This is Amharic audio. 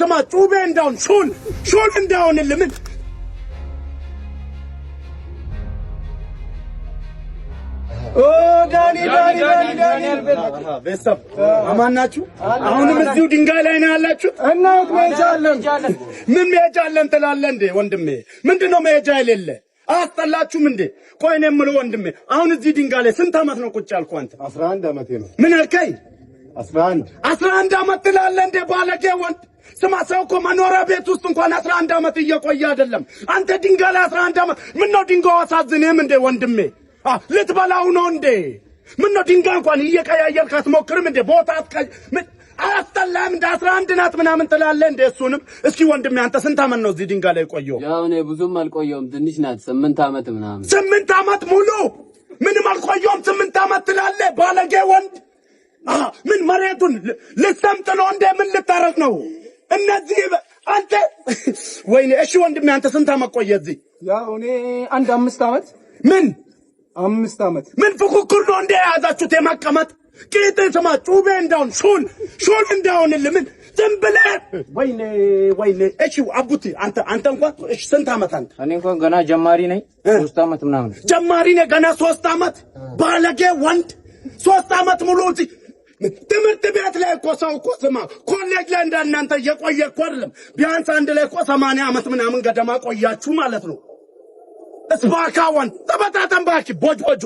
ስማ፣ ጩቤ እንዳሁን ሾል ሾል እንዳሁንልህ ምን ቤተሰብ አማናችሁ አሁንም እዚሁ ድንጋይ ላይ ነው ያላችሁ? እና መሄጃ አለን ምን መሄጃ አለን ትላለህ እንዴ ወንድሜ? ምንድን ነው መሄጃ የሌለ አያስጠላችሁም እንዴ? ቆይ እኔ የምልህ ወንድሜ፣ አሁን እዚህ ድንጋይ ላይ ስንት ዓመት ነው ቁጭ ያልኩህ አንተ? አስራ አንድ ዓመቴ ነው። ምን አልከኝ? አስራ አንድ ዓመት ትላለህ እንደ ባለጌ ወንድ። ስማ ሰው እኮ መኖሪያ ቤት ውስጥ እንኳን አስራ አንድ ዓመት እየቆየ አይደለም። አንተ ድንጋይ ላይ አስራ አንድ ዓመት ምነው ድንጋዩ አሳዝንህም እንዴ ወንድሜ? ልትበላው ነው እንዴ? ነው ድንጋ እንኳን እየቀያየርክ አትሞክርም እንዴ? ቦታ አያስጠላም እንደ አስራ አንድ ናት ምናምን ትላለህ እንደ እሱንም። እስኪ ወንድሜ አንተ ስንት ዓመት ነው እዚህ ድንጋ ላይ ቆየው? ያው እኔ ብዙም አልቆየውም ትንሽ ናት፣ ስምንት ዓመት ምናምን። ስምንት ዓመት ሙሉ ምንም አልቆየውም ስምንት ዓመት ትላለህ ባለጌ ወንድ ምን መሬቱን ልትሰምጥ ነው እንደ ምን ልታረስ ነው? እነዚህ አንተ ወይኔ፣ እሺ ወንድሜ፣ አንተ ስንት አመት ቆየ እዚህ? ያው እኔ አንድ አምስት አመት ምን አምስት ዓመት ምን ፉክክር ነው እንደ የያዛችሁት የመቀመጥ ቂጥ ስማ፣ ጩቤ እንዳሁን ሹል ሹል እንዳሁንልህ ምን ዝም ብለህ ወይኔ ወይኔ። እሺ አቡቲ አንተ አንተ እንኳን እሺ ስንት አመት አንተ? እኔ እንኳን ገና ጀማሪ ነኝ። ሶስት አመት ምናምን ጀማሪ ነኝ ገና ሶስት አመት ባለጌ ወንድ ሶስት አመት ሙሉ እዚህ ትምህርት ቤት ላይ እኮ ሰው እኮ ስማ፣ ኮሌጅ ላይ እንዳናንተ እየቆየ እኮ አይደለም። ቢያንስ አንድ ላይ እኮ ሰማንያ ዓመት ምናምን ገደማ ቆያችሁ ማለት ነው። እስባካዋን ተበታተን ባኪ ቦጆ